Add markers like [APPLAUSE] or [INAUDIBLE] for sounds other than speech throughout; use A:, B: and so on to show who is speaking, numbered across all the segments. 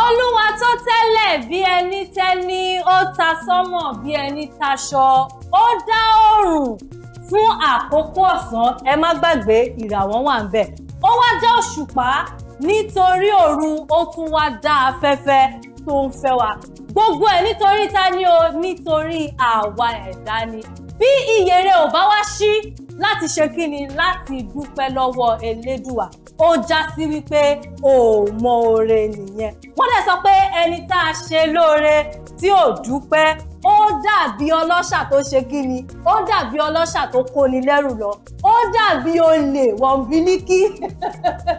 A: olúwa tó tẹ́lẹ̀ bí ẹni tẹ́ni ó ta sọ́mọ̀ bí ẹni taṣọ ó dá oòrùn fún àkókò ọ̀sán ẹ má gbàgbé ìràwọ̀ wà ń bẹ̀ ó wá dá òṣùpá nítorí òru ó tún wá dá afẹ́fẹ́ tó ń fẹ́ wa gbogbo ẹ̀ nítorí ta ni o nítorí àwa ẹ̀dá ni bí ìyèrè ò bá wá sí láti ṣe kí ni láti dúpẹ́ lọ́wọ́ elédùà ó já sí wípé ò mọ oore nìyẹn wọ́n dẹ̀ sọ pé ẹni tá a ṣe lóore tí ò dúpẹ́ ó dàbí ọlọ́ṣà tó ṣe kí ni ó dàbí ọlọ́ṣà tó kóni lẹ́rù lọ ó dàbí olè wọ́n bílíkì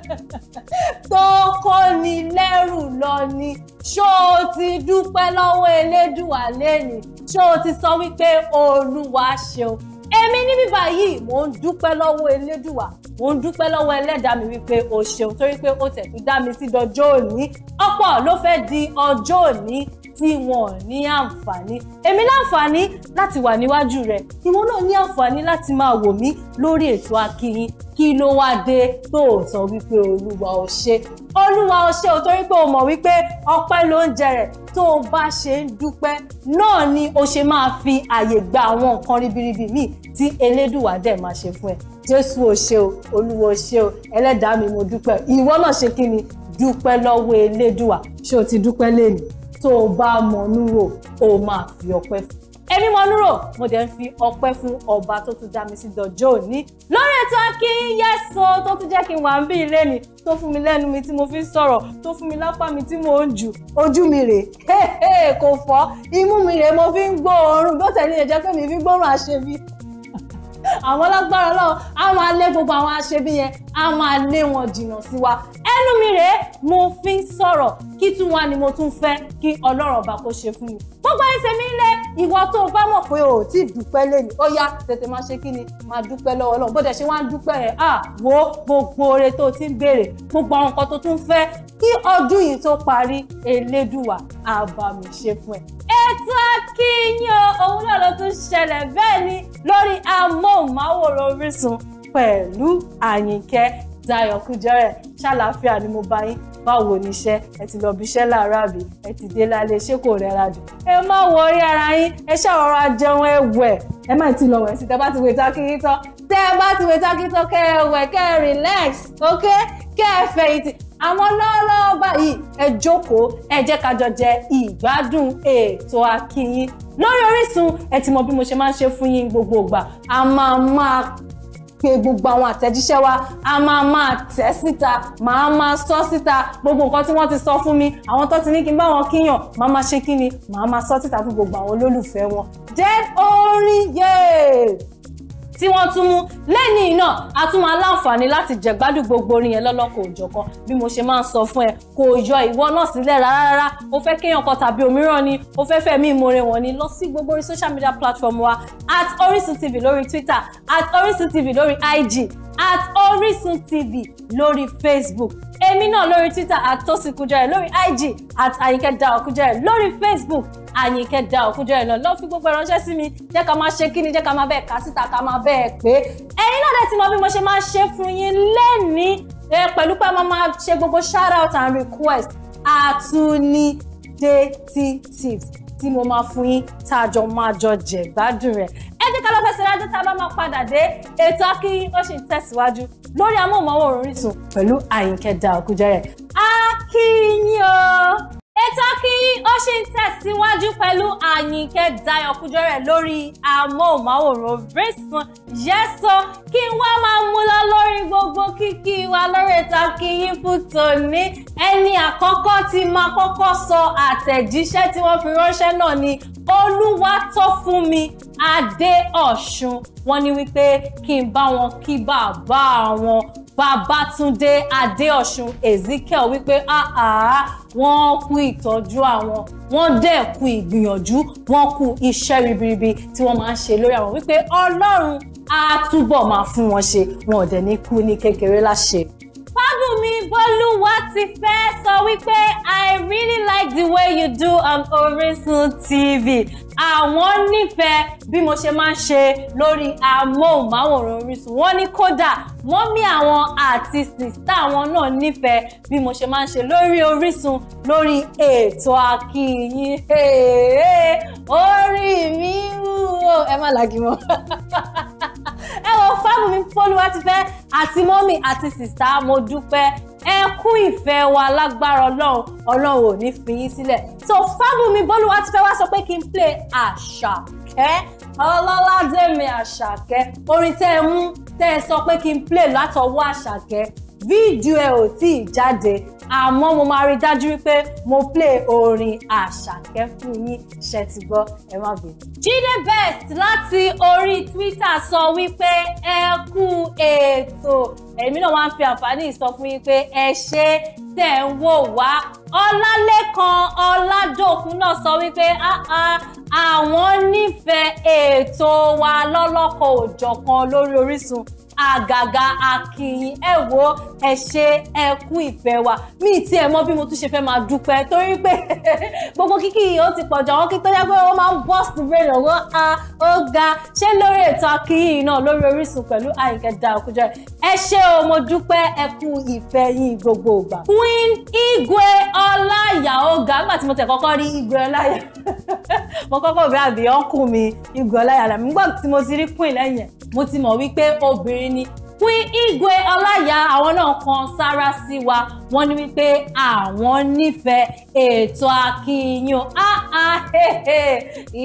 A: [LAUGHS] tó kóni lẹ́rù lọ ni ṣó o ti dúpẹ́ lọ́wọ́ elédùà lẹ́nìí ṣó o ti sọ wípé olúwa ṣeun èmi níbí báyìí mò ń dúpẹ́ lọ́wọ́ elédùwà mò ń dúpẹ́ lọ́wọ́ ẹlẹ́dàá mi wípé o ṣeun torí pé o tẹ̀ tún dá mi sí dọjọ́ òní ọ̀pọ̀ ló fẹ́ di ọjọ́ òní tí wọn ò ní àǹfààní èmi láǹfààní láti wà níwájú rẹ ìwọ náà ní àǹfààní láti máa wò mí lórí ètò AkiiYin kí ló wá dé tó o sọ wípé olúwa ò ṣe olúwa ò ṣe ò torí pé o mọ̀ wípé ọpẹ́ ló ń jẹrẹ̀ tó o bá ṣe ń dúpẹ́ náà ni o ṣe máa fi àyè gba àwọn nǹkan ribiribi míì tí elédùwà dẹ̀ máa ṣe fún ẹ jésù ò ṣe o olúwa ò ṣe o ẹlẹ́dàá mi mo dúpẹ́ ìwọ náà ṣe kí ni dúpẹ́ lọ́wọ́ elédùwà ṣé o ti dúpẹ́ lénìí tó o bá mọnúrò o máa fi ọpẹ́ fún èmi mọnúrò mo dẹ̀ ń fi ọpẹ́ fún ọba tó tún dá mi sí dọjọ́ òní lórí ètò Akínyẹ̀sọ tó tún jẹ́ kí n wà ń bí ilé ni tó fún mi lẹ́nu mi tí mo fi ń sọ̀rọ̀ tó fún mi lápá mi tí mo ń jù ojú mi rè é [LAUGHS] kò fọ́ imú mi rè mo fi ń gbọ́ òórùn bó tẹ̀lé ẹ̀jẹ̀ pé mi fi gbóòórùn àṣebi àwọn lágbára Ọlọ́run á máa lé gbogbo àwọn aṣebí yẹn á máa lé wọn jìnnà sí wa ẹnu mi rèé mo fi ń sọ̀rọ̀ kí tún wá ni mo tún fẹ́ kí Ọlọ́run ọba kó ṣe fún mi gbogbo ẹsẹ̀ mi lẹ ìwọ tó o bá mọ̀ pé o ò tí ì dúpẹ́ lẹ́nu ó yá tètè máa ṣe kí ni máa dúpẹ́ lọ́wọ́ lọ́wọ́ bó dẹ̀ ṣe wá ń dúpẹ́ rẹ̀ à wo gbogbo oore tó o ti ń béèrè gbogbo àwọn nǹkan tó tún fẹ́ kí ọdún yìí tó parí elédùwà àbàmì ṣe fún ẹ. ètò akínyìn òun náà ló tún ṣẹlẹ̀ bẹ́ẹ̀ ni lórí amóhùnmáwòrán Orísun pẹ̀lú Àyìnkẹ́ Dayọ̀ Kújẹ́rẹ́ ṣàlàáfíà ni mo bá yín báwo níṣẹ́ ẹ ti lọ bí iṣẹ́ làárọ̀ àbí ẹ ti dé lálẹ́ ṣé kò rẹra jù ẹ má wọrí ara yín ẹ ṣàwọra jẹun ẹ wẹ̀ ẹ má ti lọ wẹ̀ sí tẹ bá ti wẹ̀ tá kí tán tẹ bá ti wẹ̀ tá kí tán kẹ ẹ wẹ̀ kẹ ẹ relax ok kẹ ẹ fẹ̀yìntì àmọ́ lọ́wọ́lọ́wọ́ báyìí ẹ jókòó ẹ jẹ́ ká jọ jẹ ìgbádùn ètò akínyìn lórí Orísun ẹ ti mọ bí mo ṣe máa ń ṣe fún yín gbogbo ìgbà a máa pé gbogbo àwọn àtẹ̀jíṣẹ́ wa a máa máa tẹ̀ síta màá máa sọ síta gbogbo nǹkan tí wọ́n ti sọ fún mi àwọn tó ti ní kí n bá wọn kíyàn màá máa ṣe kí ni màá máa sọ síta fún gbogbo àwọn olólùfẹ́ wọn. jẹ́ orin yéé tí wọ́n tún mú lẹ́yìn náà a tún máa láǹfààní láti jẹ̀gbádùn gbogbo orin yẹn lọ́lọ́kọ̀ òjọ̀kan bí mo ṣe máa ń sọ fún ẹ kò yọ ìwọ náà sílẹ̀ rárá ó fẹ́ kéèyàn kan tàbí òmíràn ni ó fẹ́ fẹ́ mí ìmọ̀re wọn ni lọ sí gbogbo orí social media platform wa at Orisun TV lórí Twitter at Orisun TV lórí IG at Orisun TV lórí Facebook èmi náà lórí twitter at Tosinkunjayọ̀ lórí ig at Àyìnkẹ́ Dayo Kújẹ́rẹ́ lórí facebook Àyìnkẹ́ Dayo Kújẹ́rẹ́ náà lọ́ọ́ fi gbogbo ìránṣẹ́ sí mi jẹ́ ká máa ṣe kíni jẹ́ ká máa bẹ́ẹ̀ kà síta ká máa bẹ́ẹ̀ pé ẹ̀yin náà dẹ̀ ti mọ bí mo ṣe máa ṣe fún yín lẹ́ni pẹ̀lú pé a máa ṣe gbogbo shout out and request àtúnidé tí tips tí mo máa fún yín tá a jọ máa jọ jẹ gbádùn rẹ̀ ẹ jẹ́ ká lọ fẹsẹ̀ rájọ́ tá a bá máa padà dé ètò Àkíìyín ó ṣì ń tẹ̀síwájú lórí amóhùnmáwòrán Orísun pẹ̀lú Àyìnkẹ́ Dàòkújẹ́rẹ́ Àkíìyín o ètò Àkíìyín ó ṣì ń tẹ̀síwájú pẹ̀lú Àyìnkẹ́ Dàòkújẹ́rẹ́ lórí amóhùnmáwòrán Orísun yẹ́sọ kí n wá máa mú lọ lórí gbogbo kíkí wa lórí Àkíìyín fún tòní ẹni àkọ́kọ́ tí máa kọ́kọ́ sọ àtẹ̀jíṣẹ́ tí wọ́n fi ránṣẹ́ náà ni Olúwatófúnmi Adéọ̀ṣun wọ́n ní wípé kí n bá wọn kí bàbá wọn Babátúndé Adéọ̀ṣun Ezekiel wípé wọ́n kú ìtọ́jú àwọn wọ́n dẹ̀ kú ìgbìyànjú wọ́n kú iṣẹ́ ribiribi tí wọ́n máa ń ṣe lórí àwọn wípé ọlọ́run á túbọ̀ máa fún wọn ṣe wọn ò dẹ̀ ní kú ní kékeré láṣẹ Fábùnmi Bọ́lúwatifẹ́ sọ wípé I really like the way you do on Orisun TV. Àwọn nífẹ̀ẹ́ bí mo ṣe máa ń ṣe lórí amóhùnmáwòrán Orísun. Wọ́n ní kódà mọ́mí àwọn àti sìsítà àwọn náà nífẹ̀ẹ́ bí mo ṣe máa ń ṣe lórí Orísun lórí ètò Akíìyín. Orí mi wú o, ẹ má làgìmọ̀. [LAUGHS] o Fábùnmi Fọlúwatifẹ́ àti mọ́mì àti sìstá mo dúpẹ́ ẹ kú ìfẹ́ wa lágbára ọlọ́run ọlọ́run ò ní fi yín sílẹ̀ so Fábùnmi Fọlúwatifẹ́ wá sọ pé kí n play àṣàkẹ́ ọlọ́ládẹ́mi àṣàkẹ́ orin tẹ́ ẹ mú tẹ́ ẹ sọ pé kí n play látọwọ́ àṣàkẹ́ fídíò ẹ ò tí ì jáde àmọ́ mo máa rí dájú wípé mo play orin àṣàkẹ́ fún yín ṣe ti gbọ́ ẹ má bẹ̀rẹ̀. Jide Best láti orí Twitter sọ wípé ẹ kú ètò èmi náà máa ń fi àǹfààní sọ fún yín pé ẹ ṣe tẹ̀ ń wò wá Ọlálékan Ọládòkun náà sọ wípé àwọn nífẹ̀ẹ́ ètò wa lọ́lọ́kọ̀ òjọ̀kan lórí Orísun àgàgà akínyìn ẹ wo ẹ ṣe ẹ kú ìfẹ́ wa mi ti ẹ̀ mọ bí mo tún ṣe fẹ́ máa dúpẹ́ torí pé [LAUGHS] gbogbo kíkì ó ti pọ̀jù àwọn kí tó yẹ pé ó máa ń bust brain ọ̀wọ́ a ó ga ṣé lórí ètò akínyìn náà lórí Orísun pẹ̀lú Àyìnkẹ́ Dákúnjọrẹ ẹ ṣé o mo dúpẹ́ ẹ kú ìfẹ́ yín gbogbo ìgbà. Queen Igwe Ọláyà ó ga nígbà tí mo tẹ̀ kọ́kọ́ rí Igwe Ọláyà [LAUGHS] mo kọ́kọ́ bí àbí ọkùnrin mi Igwe Ọláyà làmì nígbà tí mo ti rí Queen lẹ́yìn mo ti mọ̀ wípé obìnrin ni Queen Igwe Ọláìyá àwọn náà kan sára sí wa wọ́n ní wípé àwọn nífẹ̀ẹ́ ètò akínyìn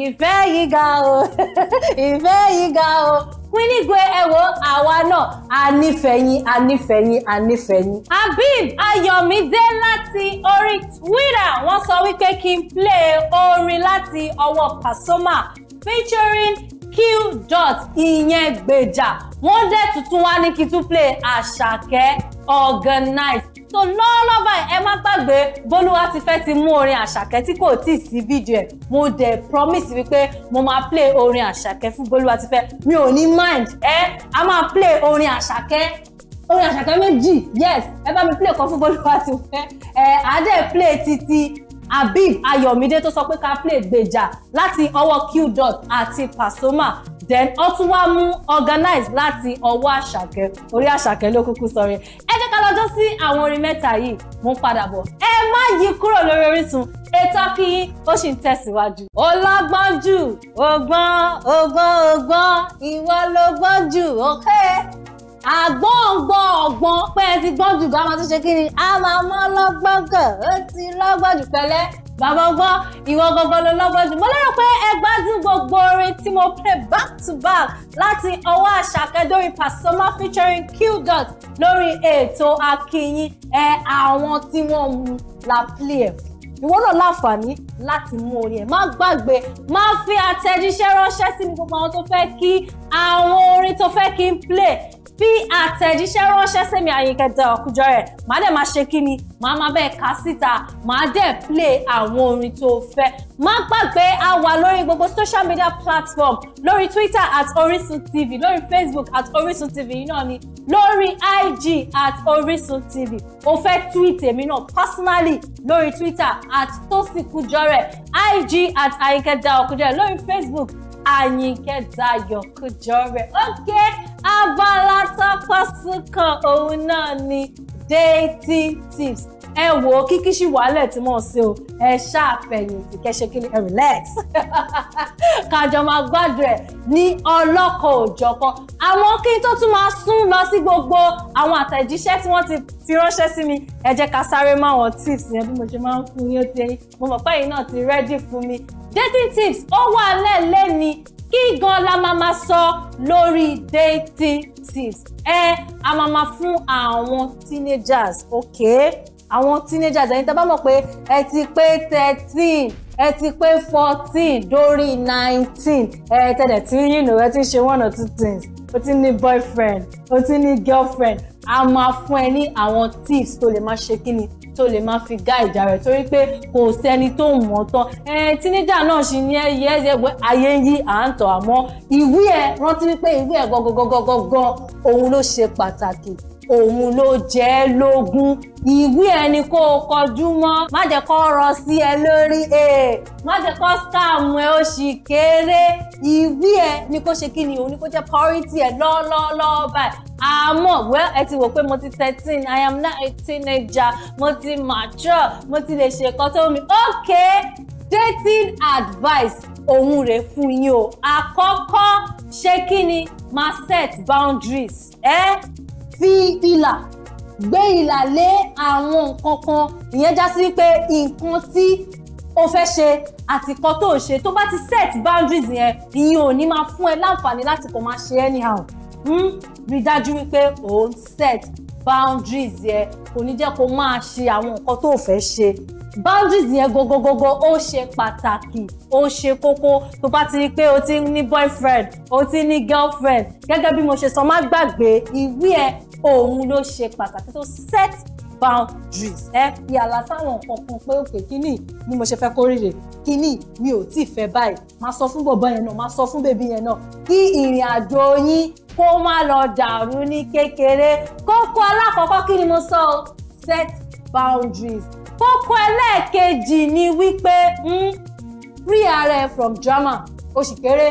A: ìfẹ́ yìí ga o [LAUGHS] ìfẹ́ yìí ga o Queen Igwe ẹ wò àwa náà a nífẹ̀ẹ́ yín a nífẹ̀ẹ́ Habib Ayọ̀mídé láti orí Twitter wọ́n sọ wípé kí n play orin láti ọwọ́ Pasuma featuring Q dot ìyẹn gbèjà wọ́n dẹ̀ tuntun wá ní kí tún play àṣàkẹ́ organize so lọ́ọ́lọ́ báyìí ẹ má gbàgbé bólúwa ti fẹ́ ti mú orin àṣàkẹ́ tí kò tí ì sí fídíò ẹ̀ mo dẹ̀ promise wípé mo máa play orin àṣàkẹ́ fún bólúwa ti fẹ́ mi ò ní mind ẹ a máa play orin àṣàkẹ́ orin àṣàkẹ́ méjì yes ẹ bá mi play kan fún bólúwa ti fẹ́ ẹ àádẹ́ play Titi. Habib Ayọ̀mídé tó sọ pé Caflay gbèjà láti ọwọ́ qdot àti pasoma. then ó tún wá mú organize láti ọwọ́ àṣàkẹ́ orí àṣàkẹ́ ló kúkú sọrí ẹ jẹ́ ká lọ́jọ́ sí àwọn orin mẹ́ta yìí mú padà bọ̀ ẹ má yí kúrò lórí Orísun ètò akíyín ó sì ń tẹ̀síwájú. ọlọ́gbọ́n jù ọgbọ́n ọgbọ́n ọgbọ́n ìwọ lọ́gbọ́n jù ọ̀kẹ́ àgbọ̀ngbọ̀n ọ̀gbọ̀n pé ẹ ti gbọ́n jù ká máa tún ṣe kí ni a máa mọ́ lọ́gbọ́n kan ó ti lọ́gbọ́n jù pẹ̀lẹ́ bàbá ọgbọ́n ìwọ gbọ́gbọ́n ló lọ́gbọ́n jù mo lérò pé ẹ gbádùn gbogbo orin tí mo play back to back láti ọwọ́ àṣàkẹ́ pasoma featuring qdot lórí ètò akínyìn ẹ àwọn tí wọ́n mú la play ẹ̀ ìwọ náà láǹfààní láti mú orin ẹ̀ má gbàgbé má fi àtẹ̀jíṣẹ́ ránṣẹ́ sí mi gbogbo àwọn tó fẹ́ kí àwọn orin tó fẹ́ kí n play fi àtẹ̀jíṣẹ́ ránṣẹ́ sí mi àyíkẹ́dẹ́ ọ̀kújọ́ rẹ̀ màá dẹ̀ máa ṣe kí ni màá máa bẹ́ẹ̀ ká síta màá dẹ̀ play àwọn orin tó fẹ́ má gbàgbé a wà lórí gbogbo social media platform lórí twitter at orisun tv lórí facebook at orisun tv yìí náà ni lórí ig at orisun tv o fẹ́ tweet èmi náà personally lórí twitter at tosikujore ig at ayinke dayo kujore lórí facebook ayinke dayo okay abala tọ́pọ̀sùn kan òun náà ni dating tips ẹ wò ó kíkí sí wàhálẹ̀ tí mò ṣe o ẹ ṣàfẹ̀yìntì kẹ́ṣe kí ni ẹ relax [LAUGHS] kájọ máa gbádùn ẹ ní ọlọ́kọ̀ òjọ̀kan àwọn kí n tó tún máa sún lọ sí gbogbo àwọn àtẹ̀jíṣẹ́ tí wọ́n ti fi ránṣẹ́ sí mi ẹ jẹ́ ká sáré mọ́ àwọn tips yẹn bí mo ṣe máa ń fún yín ó ti ẹyin mo mọ̀ pé ẹ̀yin náà ti rẹ́dì fún mi dating tips ó wà lẹ́ẹ̀lẹ́ ni kí gan la máa máa sọ lórí dating tips ẹ a máa máa fún àwọn teenagers ok àwọn teenagers ẹ̀yin tá a bá mọ̀ pé ẹ ti pé thirteen ẹ ti pé fourteen dórí nineteen ẹ tẹ̀lẹ̀ tí yìnyín ẹ ti ṣe one or two things o ti ní boyfriend o ti ní girlfriend a máa fún ẹ ní àwọn tips tó lè máa ṣe kí ni tó lè máa fi guide rẹ torí pé kò sẹ́ni tó mọ̀ tán ẹ tíníjà náà ṣì ní ẹyẹ ẹyẹ pé ayé ń yí à ń tọ̀ àmọ́ ìwé ẹ rántí wípé ìwé ẹ gọgọgọgọgọ òun ló ṣe pàtàkì òun ló jẹ́ lógún ìwé ẹni kó o kọjú mọ́ má jẹ́ kó rọ sí ẹ lórí ẹ̀ e. má jẹ́ kó scam ẹ ó sì kéré ìwé ẹ ni kó ṣe kí ni òun ni kó jẹ́ priority ẹ lọ́ọ́lọ́ọ́ báyìí àmọ́ well ẹ ti wò pé mo ti thirteen I am now a teenager mo ti mature mo ti lè ṣe nǹkan tó mi ok dating advice òun rèé fún yín o àkọ́kọ́ ṣé kí ni máa set boundaries eh? fi ìlà gbé ìlà lé àwọn nǹkan kan ìyẹn já sí pé nǹkan tí o fẹ́ ṣe àti nǹkan tó o ṣe tó bá ti set boundaries yẹn ìyẹn ò ní máa fún ẹ láǹfààní láti kàn máa ṣe anyhow mm? rí dájú wípé o ń set boundaries yẹn kò ní jẹ́ kó máa ṣe àwọn nǹkan tó o fẹ́ ṣe boundaries yẹn gogogogo ó ṣe pàtàkì ó ṣe kókó tó bá ti rí pé o ti ní boyfriend o ti ní girlfriend gẹ́gẹ́ bí mo ṣe sọ má gbàgbé ìwé ẹ òun ló ṣe pàtàkì tó set boundaries ẹ fi àlà sáwọn nǹkan kan pé òkè kínní ni mo ṣe fẹ́ kó rírè kínní mi ò tí ì fẹ́ báyìí máa sọ fún bọ̀bọ̀ yẹn náà máa sọ fún bèbí yẹn náà kí ìrìn àjò yín kó má lọ dàrú ní kékeré kókó alákọ̀ọ́kọ́ kí ni mo sọ o set boundaries kókó ẹlẹ́ẹ̀kejì ni wípé hmm, free ara ẹ from drama oṣù kéré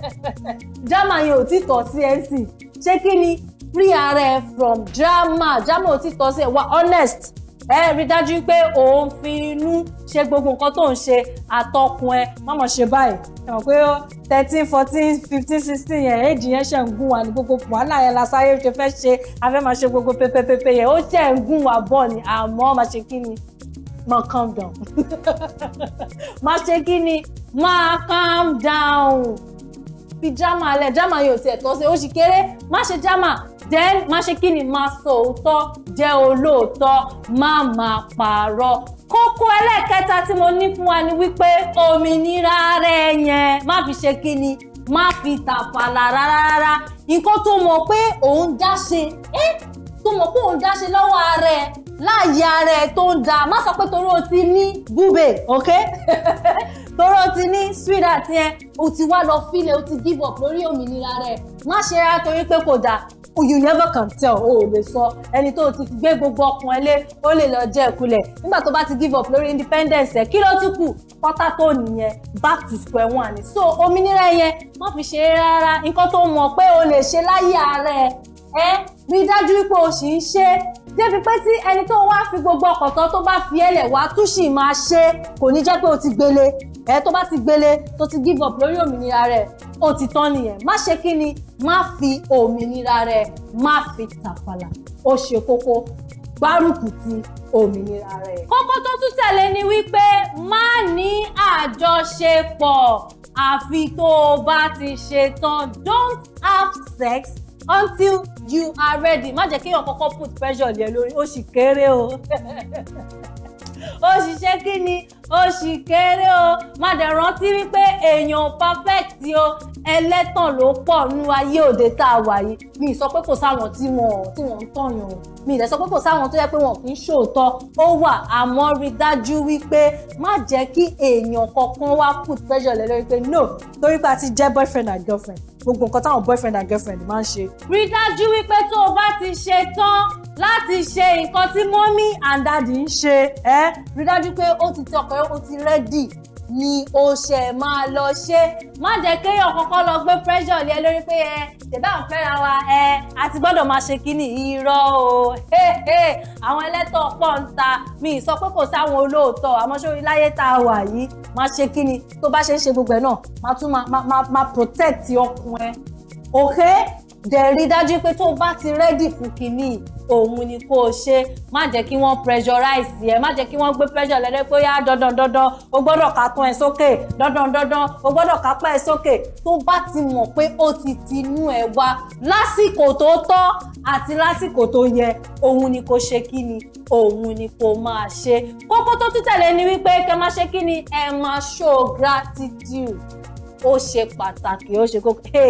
A: [LAUGHS] drama yẹn ò tí tọ̀ sí ẹ̀ ń sìn ṣé kí ni free ara ẹ from drama drama ò ti tọ́ sí ẹ wá honest ẹ rí dájú pé òun fi inú ṣe gbogbo nǹkan tó ń ṣe àtọkùn ẹ má mọ̀ ṣe báyìí ẹ mọ̀ pé thirteen fourteen fifteen sixteen yẹn éèdì yẹn ṣe ń gún wa ní gbogbo wàhálà yẹn lasáyé ṣe fẹ́ ṣe afẹ́ máa ṣe gbogbo pépépépé yẹn ó ṣe ń gún wa bọ̀ ni àmọ́ máa ṣe kí ni máa calm down [LAUGHS] máa ṣe kí ni máa calm down fi drama alẹ́ drama yóò ti ẹ̀tọ́ ṣe ó ṣì kéré má ṣe drama then má ṣe kí ni máa sọ òótọ́ jẹ́ olóòótọ́ má máa pààrọ̀ kókó ẹlẹ́ẹ̀kẹta tí mo ní fún wa ni wípé òmìnira rẹ yẹn má fi ṣe kí ni má fi tàfàlà rárá nǹkan tó mọ̀ pé òun dá ṣe tó mọ̀ pé òun dá ṣe lọ́wọ́ ara ẹ̀ láàyè ara ẹ tó ń da má sọ pé torí o ti ní búbe ok [LAUGHS] torí ti ní sweetheart yẹn o ti wá lọ fílẹ̀ o ti give up lórí òmìnira rẹ má ṣe rárá torí pé kò dáa you never can tell o ò lè sọ ẹni tó o ti gbé gbogbo ọkàn ẹ lé ó lè lọ jẹ ìkulẹ̀ nígbà tó bá ti give up lórí independence ẹ kí ló ti kù pátá tó nìyẹn back to square one so òmìnira yẹn má fi ṣe é rárá nǹkan tó mọ̀ pé o lè ṣe láyé ara ẹ ẹ rí dájú pé o sì ń ṣe débi pé tí ẹni tó wá fi gbogbo ọkọ̀ tán tó bá fi ẹlẹ̀ wá tún sì máa ṣe kò ní jẹ́ pé o ti gbélé ẹ tó bá ti gbélé tó ti give up lórí òmìnira rẹ̀ ó ti tán nìyẹn má ṣe kí ni má fi òmìnira rẹ̀ má fi tàfàlà ó ṣe kókó gbárùkù ti òmìnira rẹ̀. kókó tó tún tẹ̀lé ni wípé má ní àjọṣepọ̀ àfi tó o bá ti ṣe don't have sex until you are ready má jẹ́ kéèyàn kọ́kọ́ put pressure lé lórí ó sì kéré o [LAUGHS] ó ṣiṣẹ́ kí ni ó sì kéré o má dẹ̀ rántí wípé èèyàn perfect o ẹlẹ́tàn ló pọ̀ nú ayé òde tá a wà yìí mi sọ pé kò sáwọn tí wọ́n tí wọ́n ń tọ̀yàn o mi ìdẹ̀ sọ pé kò sáwọn tó yẹ pé wọn kì í ṣòótọ́ ó wà àmọ́ rí dájú wípé má jẹ́ kí èèyàn kankan wá put pressure lé lórí pé no torí pé a ti jẹ́ boyfriend and girlfriend gbogbo nǹkan táwọn boyfriend and girlfriend máa ń ṣe. rí dájú wípé tó o bá ti ṣe tán láti ṣe nǹkan tí mọ́mí and dadi ń ṣe ẹ́ rí dájú pé ó ti tọkọ pé ó ti rẹ́dì ni ó ṣe máa lọ ṣe má jẹ́ kéèyàn kọ́kọ́ lọ gbé pressure lé lórí pé ẹ tẹ̀bá ń fẹ́ra wa ẹ a ti gbọ́dọ̀ máa ṣe kíní irọ́ o àwọn ẹlẹ́tọ̀ pọ̀ ń ta mi sọ pé kò sáwọn olóòótọ́ àmọ́ sórí láyé tá a wà yìí máa ṣe kíní tó bá ṣe ń ṣe gbogbo ẹ̀ náà máa tún máa protect ọkùn ẹ okay dẹ̀ rí dájú pé tó o bá ti rẹ́dì fún kínní òun ni kó o ṣe má jẹ́ kí wọ́n pressurize ẹ má jẹ́ kí wọ́n gbé pressure lẹ́rẹ́ pé yá ah, dandan dandan o gbọ́dọ̀ ká tán ẹ sókè dandan dandan o gbọ́dọ̀ ká pẹ́ ẹ sókè tó bá ti mọ̀ pé ó ti tinú ẹ wá lásìkò tó tọ́ àti lásìkò tó yẹ òun ni kó ṣe kí ni òun ni kó máa ṣe kókó tó tún tẹ̀lé ni wípé kẹ́ máa ṣe kí ẹ máa show gratitude ó ṣe pàtàkì ó ṣe kókó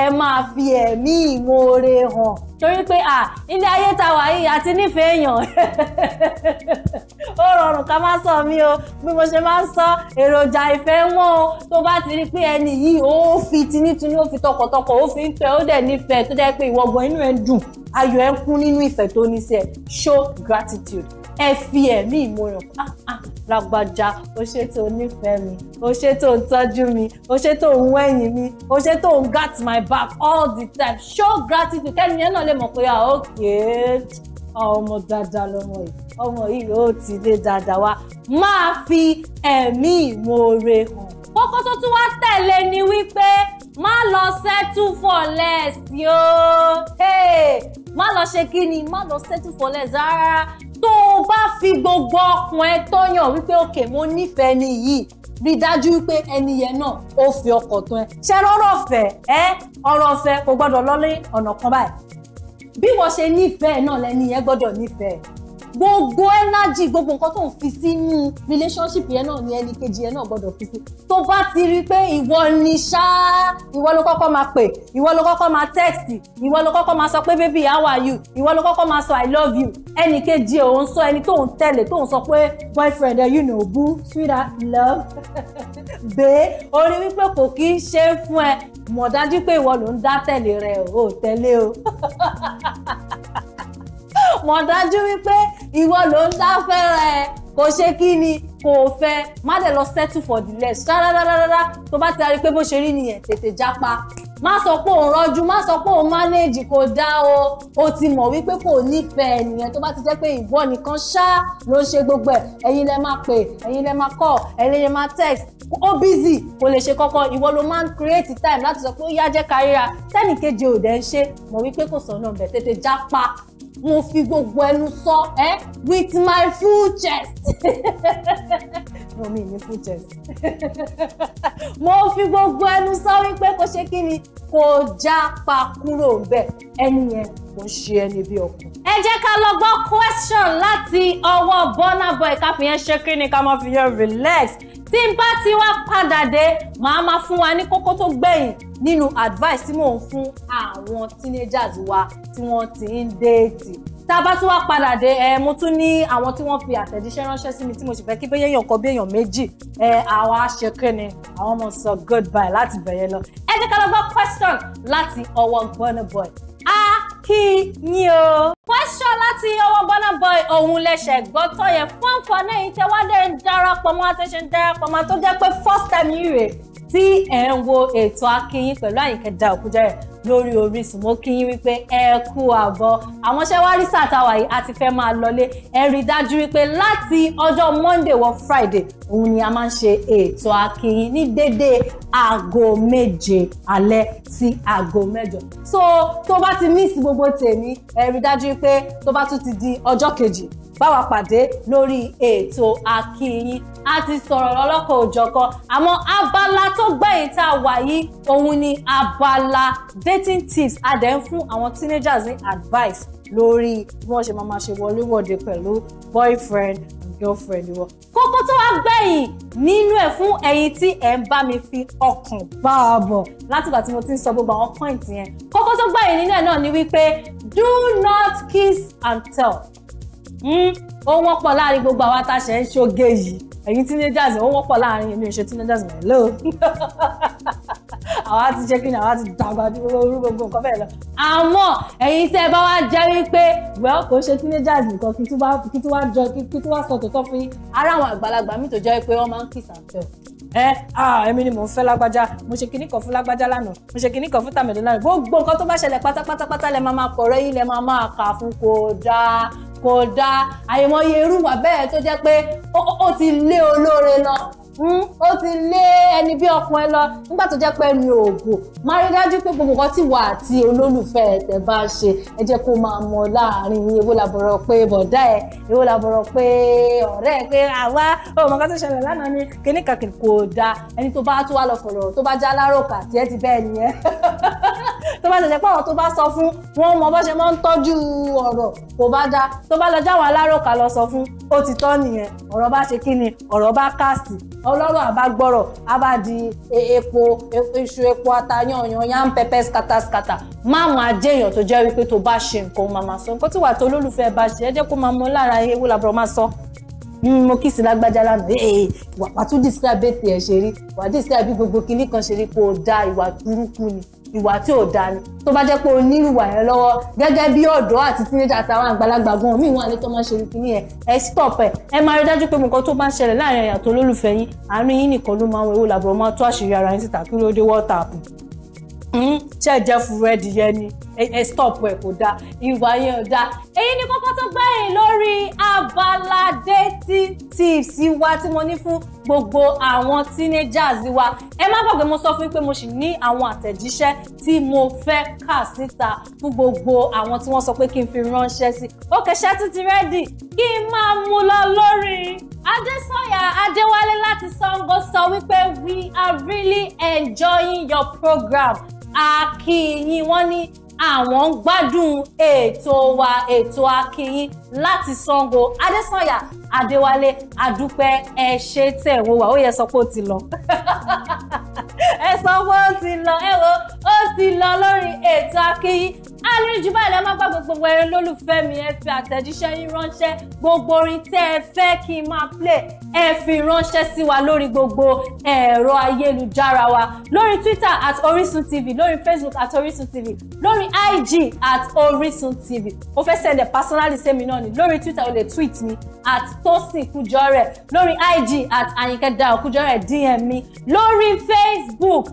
A: ẹ máa fi ẹ̀mí ìmoore hàn torí pé à ilé ayé ta wà yìí àti nífẹ̀ẹ́ èèyàn [LAUGHS] ó rọrùn ká má sọ mí o bí mo ṣe máa ń sọ èròjà ìfẹ́ wọn o tó bá ti rí pé ẹni yìí ó fi tinítun ó fi tọkàntọkàn ó fi ń fẹ́ ó dẹ̀ nífẹ̀ẹ́ tó jẹ́ pé ìwọ̀gbọ̀n inú ẹ̀ ń dùn ayọ̀ ẹ̀ ń kún nínú ìfẹ́ tó ní sí ẹ̀ show gratitude ẹ fi ẹ̀mí ìmọ̀ràn ah ah lágbájá o ṣé tó nífẹ̀ẹ́ mi o ṣé tó ń tọ́jú mi o ṣé tó ń wẹ̀yìn mi o tó ń gat my back all the time show gratitude kẹ́ni yẹn náà lè mọ̀ pé ah ok ah, ọmọ dáadáa lọmọ yìí ọmọ yìí ó ti lé dáadáa wá máa fi ẹ̀mí ìmoore hàn kókó tó tún wá tẹ̀lé ni wípé má lọ settle for less yo hey. má lọ ṣe kí ni má lọ settle for less rárá tó o bá fi gbogbo ọkàn ẹ tọ́yàn wípé òkè mo nífẹ̀ẹ́ ni yìí rí i dájú wípé ẹni yẹn náà ó fi ọkọ̀ tán ẹ ṣe ọ̀rọ̀ ọ̀fẹ́ ẹ ọ̀rọ̀ ọ̀fẹ́ kò gbọ́dọ̀ lọ lé ọ̀nà kan báyìí bí wọ́n ṣe nífẹ̀ẹ́ náà lẹ́ni yẹn gbọ́dọ̀ nífẹ̀ẹ́ gbogbo energy gbogbo nǹkan tó ń fi sínú relationship yẹn náà ni ẹnì kejì yẹn náà gbọ́dọ̀ fi sí tó bá ti rí i pé ìwọ ni ṣá ìwọ ló kọ́kọ́ máa pè ìwọ ló kọ́kọ́ máa text ìwọ ló kọ́kọ́ máa sọ pé baby how are you ìwọ ló kọ́kọ́ máa sọ i love you ẹnì kejì òun sọ ẹni tó ń tẹ̀lé tó ń sọ pé boyfriend ẹ you know boo sweetheart love [LAUGHS] bẹ́ẹ̀ orí wípé kò kí ń ṣe fún ẹ mọ̀ dájú pé ìwọ ló ń dá tẹ̀lé rẹ ò tẹ̀lé o. [LAUGHS] mọ̀ dájú wípé ìwọ ló ń dá fẹ́ràn ẹ kò ṣe kí ni kò fẹ́ má dẹ̀ lọ settle for the less rárárárá tó bá ti rí pé bó ṣe rí nìyẹn tètè jápa má sọ pé òun rọ́jú má sọ pé òun manage kò o o ti mọ̀ wípé kò nífẹ̀ẹ́ nìyẹn tó ti jẹ́ pé ìwọ nìkan ṣá ló ń ṣe gbogbo ẹ̀ ẹ̀yin lẹ máa call ẹ̀yin lẹ text ó busy kò lè ṣe kọ́kọ́ ìwọ ló create time láti sọ pé ó yá jẹ́ káríra tẹ́nìkejì ò dẹ̀ ń ṣe mọ̀ wípé kò sọ̀nà bẹ̀ mo fi gbogbo ẹnu sọ ẹ with my full chest no [LAUGHS] mi ní full chest [LAUGHS] mo fi gbogbo ẹnu sọ wípé kò ṣe kí ni kò jápa kúrò bẹ́ẹ̀ ẹni yẹn kò ń ṣe ẹni bí ọkùnrin. ẹ jẹ́ ká lọ gbọ́ question láti ọwọ́ Burna Boy ká fi yẹn ṣe kí ni ká máa fi yẹn relax tí n bá ti wá padà dé màá máa fún wa ní kókó tó gbẹ̀yìn nínú advice tí mò ń fún àwọn teenagers wa tí wọ́n ti ń déètì tá a bá tún wá padà dé ẹ mo tún ní àwọn tí wọ́n fi àtẹ̀jíṣẹ́ ránṣẹ́ sí mi tí mo sì fẹ́ kí bẹ́ẹ̀ èèyàn kan bí èèyàn méjì ẹ àwa ṣèké ni àwọn ọmọ sọ goodbye láti bẹ̀yẹ lọ ẹ jẹ́ ká lọ gbọ́ question láti ọwọ́ Burna Boy kí ni o. Pẹ́ṣọ́ láti ọwọ́ Burna Boy òun lẹ́sẹ̀ gbọ́tọ̀ yẹn fún àǹfààní yìí tẹ́wádẹ́ ń darapọ̀ mọ́ àtẹ̀ṣẹ̀ ń darapọ̀ mọ́ tó jẹ́ pé first time yìí rèé tí ẹ̀ ń wo ètò akínyìn pẹ̀lú àyìnkẹ́ da òkújẹ́rẹ́ lórí Orísun mo kí yín wípé ẹ kú àbọ̀ àwọn ṣẹ́wárí sàtàwà yìí a ti fẹ́ máa lọlé ẹ rí i dájú wípé láti ọjọ́ Monday wọ Friday òun ni a máa ń ṣe ètò akínyìn ní dédé aago méje alẹ́ sí aago mẹ́jọ so tó bá ti miss gbogbo tèmi ẹ rí i dájú wípé tó bá tún ti di ọjọ́ kejì bá wa pàdé lórí ètò akínyìn a ti sọ̀rọ̀ lọ́lọ́kọ̀ òjọ̀kan àmọ́ abala tó gbẹ̀yìn tá a wà yìí òun ni abala dating tips a dẹ̀ ń fún àwọn teenagers ní advice lórí bí wọ́n ṣe máa ma ṣe wọléwọ̀de pẹ̀lú boyfriend girlfriend wọn. kókó tó wá gbẹ̀yìn nínú ẹ̀ fún ẹ̀yin tí ẹ̀ ń bá mi fi ọkàn bá a bọ̀ látìgbà tí mo ti ń sọ gbogbo àwọn point yẹn kókó tó gbẹ̀yìn nínú ẹ̀ náà ni wípé do not kiss and tell Hmm? ó wọ́pọ̀ láàrin gbogbo àwa tá a ṣe ń ṣoge yìí ẹ̀yin teenagers ó wọ́pọ̀ láàrin èmi ìṣe teenagers mọ̀ lọ [LAUGHS] àwa ti ṣe kí ni àwa ti dàgbà orú gbogbo nǹkan bẹ́ẹ̀ lọ àmọ́ ẹ̀yin tẹ́ ẹ bá wá jẹ́ wípé well kò ṣe teenagers nìkan kí tí wá jọ kí tí wá sọ tòótọ́ fún yín ara àwọn àgbàlagbà mi tó jẹ́ pé wọ́n máa ń kiss and tell ẹ èmi ni mò ń fẹ́ lágbájá mo ṣe kinní kan fún lágbájá lánàá mo ṣe kinní kan fún tàmẹ̀dọ́ lánàá gbogbo nǹkan tó bá ṣẹlẹ̀ pátápátá lẹ máa máa pọ̀rọ̀ yín lẹ máa máa kà fún kò dáa kò dáa àyèmọye irú wà bẹ́ẹ̀ tó jẹ́ pé ó ti lé olóore lọ hmm? ó ti lé ẹni bí ọkàn ẹ lọ nígbà tó jẹ́ pé ẹnu òògùn máa rí dájú pé gbogbo nǹkan ti wà àti olólùfẹ́ ẹ̀tẹ̀ bá ṣe ẹ jẹ́ kó máa mọ láàrin yín èwo làbọ̀rọ̀ pé bọ̀dá ẹ̀ èwo làbọ̀rọ̀ pé ọ̀rẹ́ ẹ̀ pé àwa ọmọ kan tó ṣẹlẹ̀ lánàá ni kíní kan kò dáa ẹni tó bá tó wà lọ tó bá já láròkà tiẹ̀ ti bẹ́ẹ̀ nìyẹn [LAUGHS] tó bá ṣẹ̀ṣẹ̀ pé àwọn tó bá sọ fún wọn mọ bó ṣe máa ń tọ́jú ọ̀rọ̀ kò bá dáa tó bá lọ jáwọn aláròkà lọ sọ fún ó ti tọ́ nìyẹn ọ̀rọ̀ bá ṣe kí ni ọ̀rọ̀ bá kàsì ọlọ́rọ̀ àbágbọ́rọ̀ á bá di e, epo e, iṣu epo atayanyan yam pẹpẹ skataskata má máa jẹ́ èèyàn tó jẹ́ wípé tó bá ṣe nǹkan máa máa sọ nǹkan tí wàá tó olólùfẹ́ bá ṣe ẹ jẹ́ kó máa mọ lára ewu làbúrò máa sọ hmm, mo kí sí lágbájá lánàá ee wàá tún describe ètè ẹ̀ ṣe rí wàá describe bí gbogbo kinní kan ṣe rí kó o dá ìwà burúkú ni ìwà tí ò dáa ni tó bá jẹ́ pé o ní ìwà yẹn lọ́wọ́ gẹ́gẹ́ bí ọ̀dọ́ àti teenager àti àwọn àgbàlagbà gan omi ìwọ̀n àlẹ́ tó máa ṣe wípé ní ẹ̀ ẹ̀ stop ẹ̀ ẹ̀ máa rí dájú pé nǹkan tó bá ń ṣẹlẹ̀ láàrin ẹ̀yà tó lólùfẹ́ yín àánú yín nìkan ló máa ń wẹ̀wò làbọ̀ máa tó àṣírí ara yín síta kí ló dé wọ́ọ̀tà àpò ṣe é jẹ́ fúrẹ́dì yẹn ni ẹ stop ẹ kò dáa ìwà yẹn ò dáa èyí ni kókó tó gbẹ̀yìn lórí abala dating tips wa tí mo ní fún gbogbo àwọn teenagers wa ẹ má gbàgbé mo sọ fún yín pé mo sì ní àwọn àtẹ̀jíṣẹ́ tí mo fẹ́ kà síta fún gbogbo àwọn tí wọ́n sọ pé kí n fi ránṣẹ́ sí ó kẹṣẹ́ tún ti rẹ́dì kí n máa mú lọ lórí Adésọyà Adéwálé láti Sango sọ wípé we are really enjoying your program a kí yín àwọn ń gbádùn ètò wa ètò akínyìn láti Ṣàngó Adésànyà Adéwálé adúpẹ́ ẹ ṣé tẹ̀ wọ́n wà ó yẹ sọ pé ó ti lọ. [LAUGHS] ẹ sọ pé ó ti lọ ẹ wo ó ti lọ lórí ètò akínyìn alóríjù báyìí lẹ má gbàgbé gbogbo ẹ̀yin lólùfẹ́ mi ẹ fi àtẹ̀jíṣẹ́ yín ránṣẹ́ gbogbo orin tẹ́ ẹ fẹ́ kí n máa play ẹ fi ránṣẹ́ sí wa lórí gbogbo ẹ̀rọ ayélujára wa lórí Twitter at Orisun TV lórí Facebook at Orisun TV lórí IG at Orisun TV o fẹ́ send ẹ̀ personally sẹ́mi náà ni lórí Twitter o lè tweet mi at Tosin Kujore lórí IG at Ayinke Dayo Kujore DM mi lórí Facebook facebook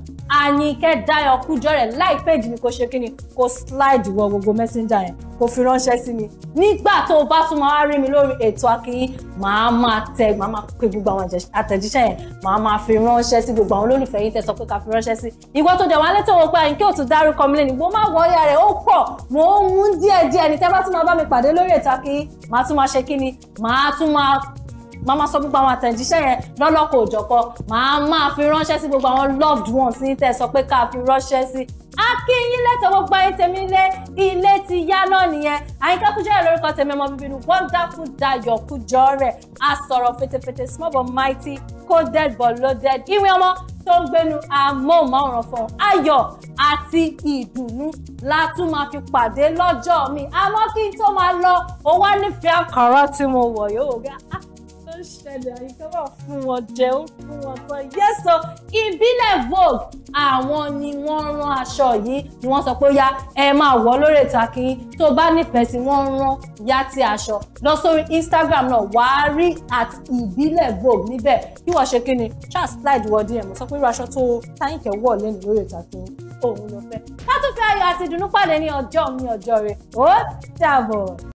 A: àyìnkẹ́ dayọ̀ kújọ́rẹ̀ láì péjì mi kò ṣe kí ni kò slide wọ gbogbo messenger yẹn kò fi ránṣẹ́ sí mi nígbà tó o bá tún máa rí mi lórí ètò akínyìn màá máa tẹ màá máa pe gbogbo àwọn àtẹ̀jíṣẹ́ yẹn màá máa fi ránṣẹ́ sí gbogbo àwọn olólùfẹ́ yín tẹ sọ pé ká fi ránṣẹ́ sí ìwọ tó dẹ̀ wá lẹ́tọ̀ wọ pé àyìnkẹ́ òtún dárúkọ mi lẹ́nu mo máa wọ ọyà rẹ̀ ó pọ̀ mo ń mú díẹ̀díẹ̀ ní tẹ́ bá tún máa bá mi pàdé lórí ètò akínyìn màá tún máa ṣe kí ni màá tún máa máa máa sọ gbogbo àwọn àtẹ̀jíṣẹ́ yẹn lọ́lọ́kọ̀ òjọ̀kọ máa máa fi ránṣẹ́ sí gbogbo àwọn loved ones ní tẹ̀ sọ pé ká fi ránṣẹ́ sí akínyín lẹ́tọ̀ gbogbo ayé tèmi lé ilé ti yá náà nìyẹn àyíká kújọ́rẹ̀ lórúkọ tèmi ọmọ bíbí inú wonderful dayo kújọ́rẹ̀ asọ̀rọ̀ fetefete small but mighty coded but loaded ìwé ọmọ tó ń gbénu amóhùnmáwòrán fún ayọ̀ àti ìdùnnú la tún máa fi pàdé lọ́jọ́ mi àmọ́ kí n tó máa lọ ó nífẹ̀ẹ́ àkàrà tí mo wọ̀ yóò ga ṣẹlẹ̀ àyíká wà fún wọn jẹ ó fún wọn sọ yẹ́sọ ìbílẹ̀ vogue àwọn ni wọ́n rán aṣọ yìí ni wọ́n sọ pé ó yá ẹ máa wọ̀ lórí ìtàkì tó bá nífẹ̀ẹ́ sí wọ́n rán yá ti aṣọ lọ sórí Instagram náà wàá rí at ìbílẹ̀ vogue níbẹ̀ kí wọ́n ṣe kí ni charles slide wọ díẹ̀ mo sọ pé irú aṣọ tó táyìnkẹ́ wọ̀ lẹ́nu lórí ìtàkì òun ló fẹ́ ká tún fẹ́ ayọ̀ àti ìdùnnú pàdé ní ọjọ́ mi ọjọ́ rẹ̀ ó dàbọ̀.